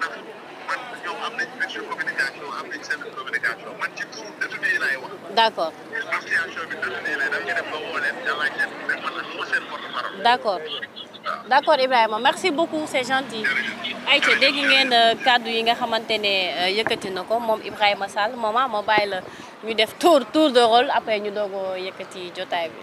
ndax man d' accord d' accord d' accord Ibrahima merci beaucoup c' est gentil. ayca dégg ngeen euh, kàddu yi nga xamante ne euh, yëkkati na ko moom Ibrahima Sall maman bàyyi la ñu def tour tour de rôle après ñu doog a yëkkati jotaay bi.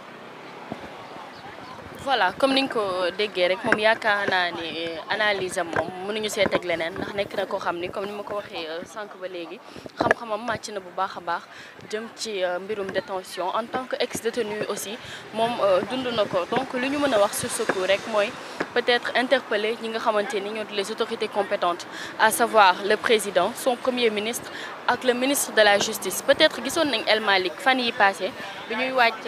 voilà comme ni nga ko déggee rek moom yaakaar naa ni euh, analyse am moom mënuñu see teg leneen ndax nekk na koo xam ni comme ni ma ko waxee euh, sànq ba léegi xam-xamam màcc na bu baax a baax jëm ci euh, mbirum détention en tant que ex détenu aussi moom dund na ko donc lu ñu mën a wax sur ce rek mooy peut-être interpeller ñi nga xamante ni ñoo di les autorités compétentes à savoir le président son premier ministre ak le ministre de la justice peut-être gisoon nañ El Malick fan yi passé bi ñuy wàcc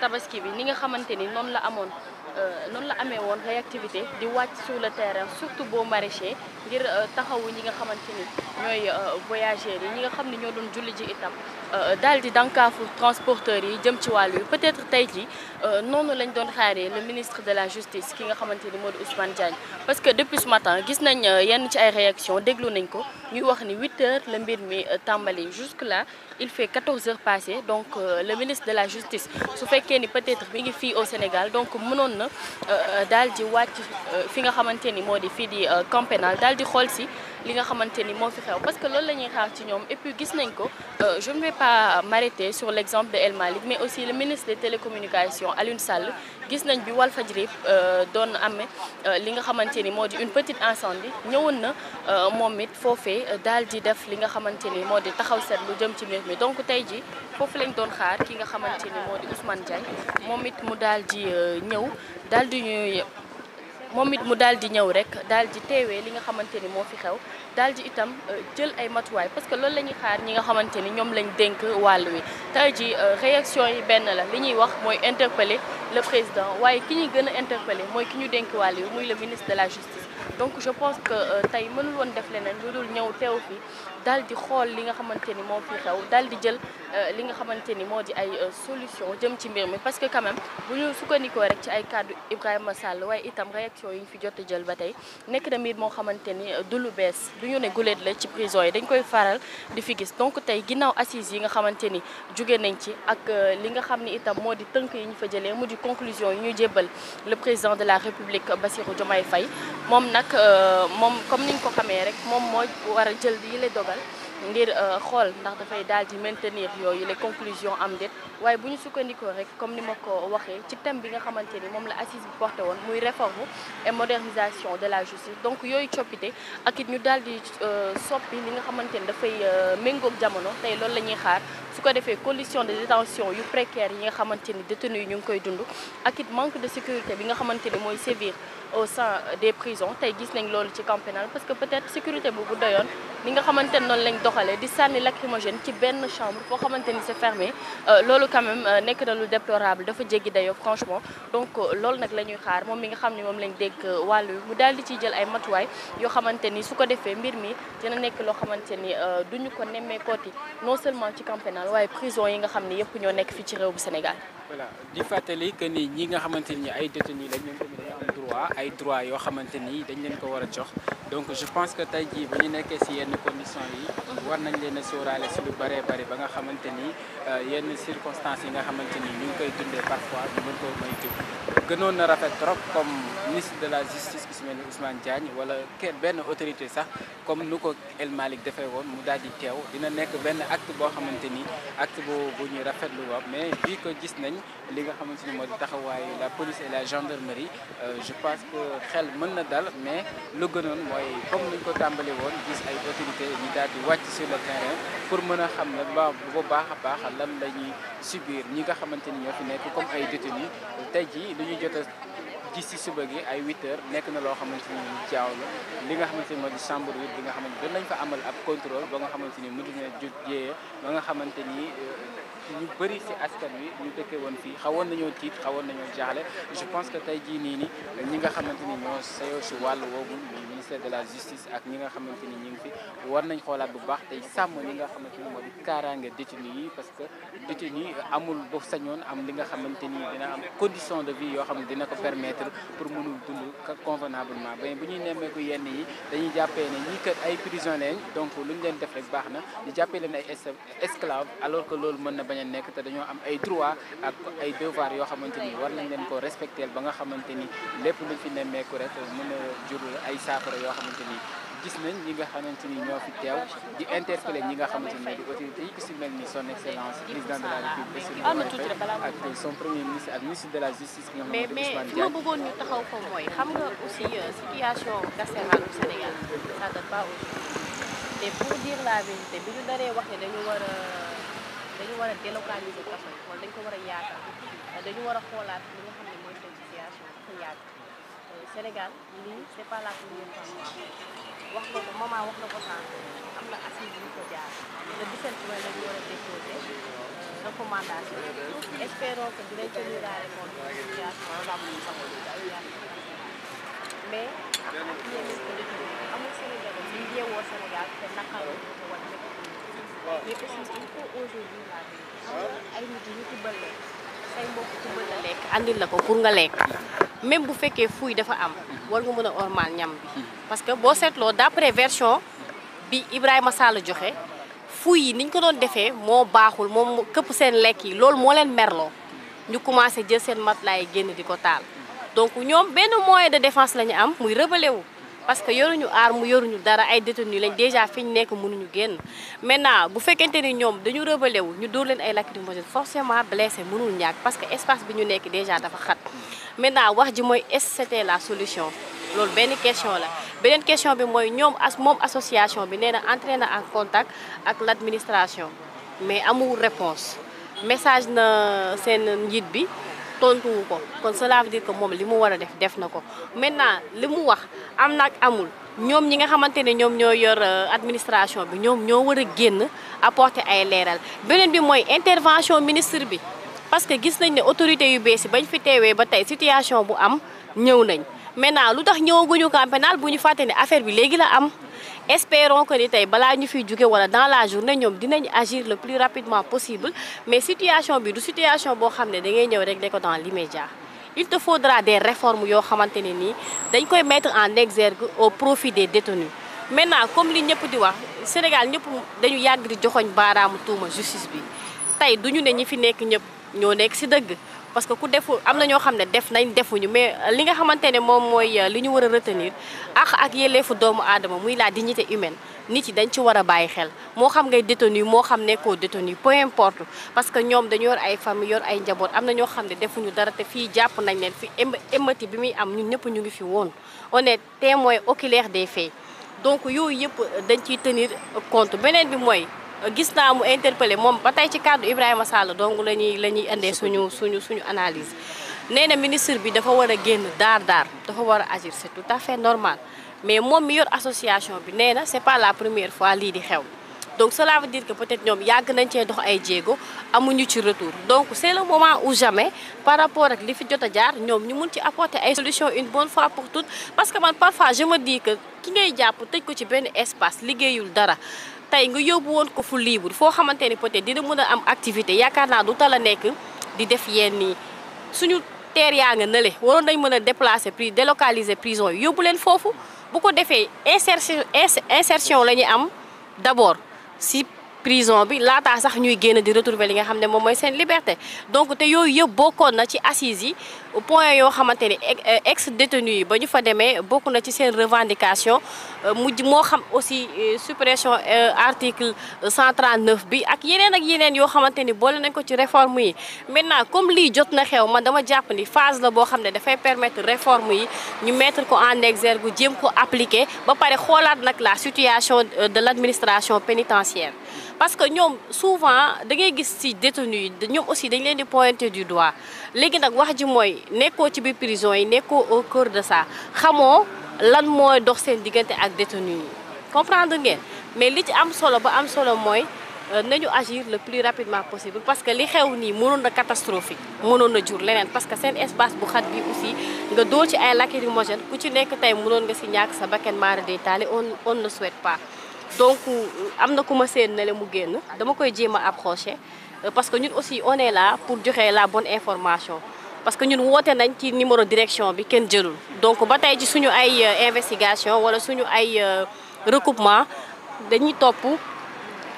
tabaski bi ni nga xamante ni noonu la amoon Euh, noonu la amee woon réactivité di wàcc sur le terrain surtout boo maraîcher ngir euh, taxawu ñi nga xamante ni ñooy euh, voyageurs yi ñi nga xam ne ñoo doon julli ji itam daal di dànkaafu transporteurs yi jëm ci wàll yi peut-être tey jii noonu lañ doon xaaree le ministre de la justice ki nga xamante ni moo di parce que depuis ce matin gis nañ yenn ci ay réaction déglu nañ ko ñuy wax ni 8 heures la mbir mi tàmbali jusque là il fait 14 heures passées donc le ministre de la justice su fekkee ni peut-être mi fii Sénégal Euh, euh, daal di wàcc euh, fi nga xamante ni moo di fii di camp pénal daal di xool si li nga xamante ni moo fi xew parce que loolu la ñuy xaar ci ñoom et puis gis nañ ko euh, je ne vais pas m'arrêter sur l'exemple de El Malick mais aussi le ministre des télécommunications Alioune Sall gis nañ bi Walfadjri euh, doon amee euh, li nga xamante ni moo di une petite incendie ñëwoon na moom it foofee daal di def li nga xamante ni moo di taxaw seet lu jëm ci mbir mi donc tey ji foofu lañ doon xaar ki nga xamante ni moo di Ousmane Diagne moom it mu daal di ñëw daal di ñuy moom it mu daal di ñëw rek daal di teewee li nga xamante ni moo fi xew daal di itam euh, jël ay matuwaay parce que loolu la ñuy xaar ñi nga xamante ni ñoom lañ dénk wàll wi tey ji euh, réaction yi benn la li ñuy wax mooy interpeller le président waaye ki ñu gën a interpellé mooy ki ñu dénk wàll yi muy le ministre de la justice donc je pense que euh, tey mënul woon def leneen lu dul ñëw teew fi daal di xool li nga xamante ni moo fi xew daal di jël euh, li nga xamante ni moo di ay euh, solution jëm ci mbir mi parce que quand même bu ñu sukkandikoo rek ci ay kàddu Ibrahima Sall waaye itam réaction yi ñu fi jot jël ba tey nekk na mbir moo xamante ni du lu bees du ñu ne guléet la ci prison yi dañ koy faral di fi gis donc tey ginnaaw assises yi nga xamante ni jóge nañ ci ak li nga xam ni itam moo di tënk yi ñu fa jëlee mujj conclusion yi ñu jébbal le président de la république Bassirou Diomaye fay moom nag euh, moom comme niñ ko xamee rek moom mooy war a jël lay dogal ngir euh, xool ndax dafay daal di maintenir yooyu les conclusions am déet waaye bu ñu sukkandikoo rek comme ni ma ko waxee ci thème bi nga xamante ni moom la assise bi porté woon muy réforme et modernisation de la justice donc yooyu coppite ak it ñu daal di euh, soppi li nga xamante ni dafay euh, méngoog jamono tey loolu la ñuy xaar su ko defee condition de détention yu précaire yi nga xamante ni détenu yi ñu ngi koy dund ak it manque de sécurité bi nga xamante ni mooy sévir au sein des prisons tey gis nañ loolu ci camp parce que peut-être sécurité boobu doyoon ni nga xamante ni noonu lañ doxalee di sànni lacrymogène ci benn chambre foo xamante ni c'est fermé euh, quand euh, nekk na lu déplorable dafa jéggi dayoo franchement donc euh, lool nag la ñuy xaar moom mi nga xam ne moom lañ dégg euh, wàllu mu daal di ciy jël ay matuwaay yoo xamante ni su ko defee mbir mi dina nekk loo xamante ni duñu ko nemmeekooti non seulement ci camp waaye prison yi nga xam ne yëpp ñoo nekk fii ci réew bu Sénégal. voilà di fàttali que ni ñi nga xamante ni ay détenus la ñoom tamit dañu am ay droit yoo xamante nii dañ leen ko war a jox. donc je pense que tey jii bu ñu nekkee si yenn conditions yi war nañ leen a sóoraale si lu bëree bari ba nga xamante ni euh, yenn circonstances yi nga xamante ni ñu ngi koy dundee parfois ñu mën koo moytu gënoon na rafet trop comme ministre de la justice Ismaïla Ousmane Diagne wala kenn benn autorité sax comme nu ko El Malick defee woon mu daal di teew dina nekk benn acte boo xamante ni acte boo bu ñuy rafetlu wa mais bii ko gis nañ li nga xamante ni moo taxawaayu la police et la gendarmerie euh, je pense que xel mën na dal mais lu gënoon mooy comme nuñ ko tàmbali woon gis ay autorité ñu daal di wàcc sur le terrain pour mën a xam ne ba bu baax a baax lan la ñuy subir ñi nga xamante ni ñoo ay détenus jot a ji si suba gi ay 8 heures nekk na loo xamante ni jaaw la li nga xamante ni moo di chambre huit bi nga xamante ni dinañ fa amal ab contrôle ba nga xamante ni mujj na jot jéeye ba nga xamante ni euh, ñu bëri si askan wi ñu dëkkee woon fii xawoon nañoo tiit xawoon nañoo jaaxle je pense que tey jii nii ni ñi nga xamante ni ñoo sayoo si wàllu woowu muy ministère de la justice ak ñi nga xamante ni ñu ngi fi war nañ xoolaat bu baax tey sàmm ñi nga xamante ni moo di kaaraange détenu yi parce que détenu yi amul bu sañoon am li nga xamante ni dina am condition de vie yoo xam ne dina ko permettre pour mënul dund convenablement bañ bu ñuy nemmeeku yenn yi dañuy jàppee ne ñii kat ay prison lañ donc lu ñu leen def rek baax na di jàppee leen ay esclave alors que loolu mën na bañ a nekk te dañoo am ay droit ak ay devoir yoo xamante ni war nañ leen ko respecter ba nga xamante ni lépp lu fi nemmeeku rek mën a jur ay saafara yoo xamante ni gis nañ ñi nga xamante ni ñoo fi teew di interpeller ñi nga xam ni di autorité yi mel ni son excellence président de la république ak son premier ministre ak ministre de mais ma bëggoon ñu taxaw ko mooy xam nga aussi euh, situation carcérale au Sénégal ça date pas aujourd'hui pour dire la vérité bi ñu daree wax ne dañu war a dañu war a délocaliser kaso wala dañu ko war a yaatal dañu war a xoolaat li nga xam ne mooy seen situation dafa yàgg Euh, Sénégal lii c'est pas la première wax nga ko maman wax na ko sànq am na assise yu ko jaar le 17 mai la ñu war a déposé euh, recommandation espérons que dinañ tenir à répondre mais amul Sénégal ñu yeewoo Sénégal te naqaroo ko ko wala mais aussi il faut aujourd'hui la ay nit ñu tibbal leen say mbokk ku mën a lekk andil la ko pour nga lekk même bu fekkee fuuy dafa am war nga mën a ormal ñam bi parce que boo seetloo d'après version bi Ibrahima Sall joxe fuuy yi niñ ko doon defee moo baaxul moom këpp seen lekk yi loolu moo leen merloo ñu commencé jël seen matelas yi génn di ko taal donc ñoom benn moyen de defence la ñu am muy rebelle wu parce que yoruñu arme yoruñu dara ay détenu lañ déjà fi ñu nekk mënuñu génn maintenant bu fekkente ni ñoom dañu rebelle wu ñu dóor leen ay lacrymogène forcément blessé mënul ñàkk parce que espace bi ñu nekk déjà dafa xat maintenant wax ji mooy est-ce la solution loolu benn question la beneen question bi mooy ñoom as moom association bi nee na entré na en contact ak l'administration mais amul réponse message na seen njiit bi tontuwu ko kon dire que moom li mu war a def def na ko maintenant li mu wax am na ak amul ñoom ñi nga xamante ne ñoom ñoo yor euh, administration bi ñoom ñoo war a génn apporter ay leeral beneen bi mooy intervention ministre bi parce que gis nañ ne autorité yu bees yi bañ fi teewee ba tey situation bu am ñëw nañ maintenant lu tax ñëwaguñu camp naa bu ñu fàtte ne affaire bi léegi la am espérons que ni tey balaa ñu fiy jóge wala dans la journée ñoom dinañu agir le plus rapidement possible mais situation bi du situation boo xam ne da ngay ñëw rek de ko dans l'immédiat il te faudra des réformes yoo xamante ne nii dañ koy mettre en exergue au profit des détenus maintenant comme li ñëpp di wax Sénégal ñëpp dañu yàgg di joxoñ baaraamu tuuma justice bi tey duñu ne ñi fi nekk ñëpp ñoo nekk si dëgg parce que ku defu am na ñoo xam ne def nañ defuñu mais euh, li nga xamante ne moom mooy euh, li ñu war a retenir ak ak yelleefu doomu aadama muy la dignité humaine nit yi dañ ci war a bàyyi xel moo xam ngay détenu moo xam nekkoo détenu peu importe parce que ñoom dañu yor ay famille yor ay njaboot am na ñoo xam ne defuñu dara te fii jàpp nañ leen fi émati bi muy am ñun ñëpp ñu ngi fi woon on te témoin oculaire des faits donc yooyu yëpp dañ ciy tenir compte beneen bi mooy gis naa mu interpellé moom ba tey ci kàddu Ibrahima Sall donc la ñuy la ñuy indee suñu suñu suñu analyse nee na ministre bi dafa war a génn daar daar dafa war a agir c'est tout à fait normal mais moom mi yor association bi nee na c'est pas la première fois lii di xew donc cela veut dire que peut-être ñoom yàgg nañ cee dox ay amuñu ci retour donc c'est le moment ou jamais par rapport ak li fi jot a jaar ñoom ñu mun ci apporter ay solutions une bonne fois pour toutes parce que man parfois je me dis que jàpp tëj ko ci benn espace liggéeyul dara tey nga yóbbu woon ko fu libre foo xamante ni peut dina mën a am activité yaakaar naa du tala nekk di def yenn yi suñu teer yaa nga nële woon nañ mën a déplacer puis délocaliser prison yi yóbbu leen foofu bu ko defee insertion insertion la ñuy am d'abord si prison bi laataa sax ñuy génn di retrouver li nga xam ne moom mooy seen liberté donc te yooyu yëpp bokkoon na ci assises yi point yoo xamante ni ex euh, détenu yi ba ñu fa demee bokk na ci seen revendication euh, mujj moo xam aussi euh, suppression article 139 bi ak yeneen ak yeneen yoo xamante ni boole nañ ko ci réforme yi maintenant comme lii jot na xew man dama jàpp ni phase la boo xam ne dafay permettre réforme yi ñu mettre ko en exergue jéem ko appliquer ba pare xoolaat nag la situation de l'administration pénitentiaire parce que ñoom souvent da ngay gis ci détenu yi ñoom aussi dañ leen di pointer du doigt léegi nag wax ji mooy nekkoo ci biir prison yi nekkoo au cœur de ça xamoo lan mooy dox seen diggante ak détenu yi comprendre ngeen mais li ci am solo ba am solo mooy euh, nañu agir le plus rapidement possible parce que li xew nii mënoon na catastrophique mënoon na jur leneen parce que seen espace bu xat bi aussi nga dóor ci ay lacrymogène ku ci nekk tey mënoon nga si ñàkk sa bakkan mara day on on ne souhaite donc euh, am na ku ma seen ne le mu génn dama koy jéem a approché euh, parce que ñun aussi on la pour joxe la bonne information parce que ñun woote nañ ci numéro direction bi kenn jëlul donc ba tey ci suñu ay euh, investigation wala suñu ay recoupement dañuy topp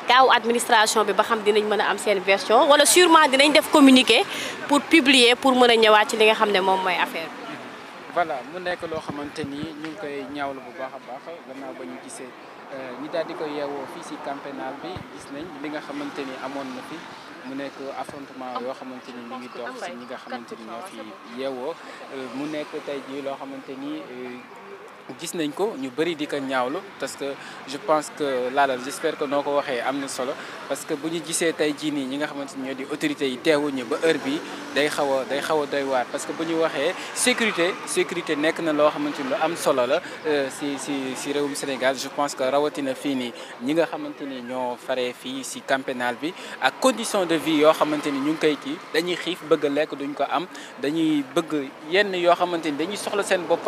kaaw administration bi ba xam dinañ mën a am seen version wala surement dinañ def communiqué pour publier pour mën a ñëwaat ci li nga xam ne moom mooy affaire bi voilà mu nekk loo xamante ni ñu koy ñaawlu bu Euh, ñu daal di ko yeewoo fii si camp bi gis nañ li nga xamante ni amoon na fi mu nekk affrontement yoo xamante ni ñu ngi dox si ñi nga xamante ni ñoo fi yeewoo euh, mu nekk tey jii loo xamante ni. Euh, gis nañ ko ñu bëri di ko ñaawlu parce que je pense que laalal j'espère que noo ko waxee am na solo parce que bu ñu gisee tey jii nii ñi nga xamante ni ñoo di autorités yi teewuñu ba heure bi day xaw a day xaw a doy waar parce que bu ñu waxee sécurité sécurité nekk na loo xamante ni lu am solo la euh, si si si réewum Sénégal je pense que rawatina fii nii ñi nga xamante ni ñoo faree fii si camp bi ak condition de vie yoo xamante ni ñu ngi koy kii dañuy xiif bëgg lekk duñ ko am dañuy bëgg yenn yoo xamante ni dañuy seen bopp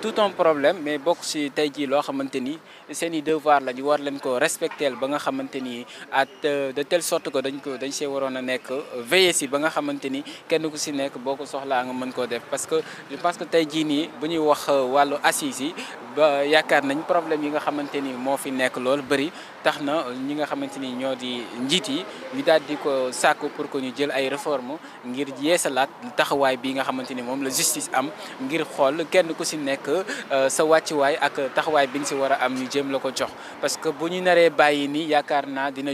tout un problème mais bokk si tey jii loo xamante ni seen devoir la ñu war leen ko respecter ba nga xamante ni at euh, de telle sorte que dañ ko dañ see waroon a nekk veiller ci ba nga xamante ni kenn ku si nekk boo ko soxlaa nga mën koo def parce que je pense que tey jii nii bu ñuy wax euh, wàllu assise yi ba yaakaar nañ problème yi nga xamante ni moo fi nekk lool bëri tax na ñi nga xamante ni ñoo di njiit yi ñu daal di ko sàkku pour que ñu jël ay réformes ngir sa laat taxawaay bi nga xamante ni moom la justice am ngir xool kenn ku si nekk euh, sa wàccuwaay ak taxawaay bi nga si war a am ñu jéem la ko jox parce que bu ñu naree bàyyi ni yaakaar naa dina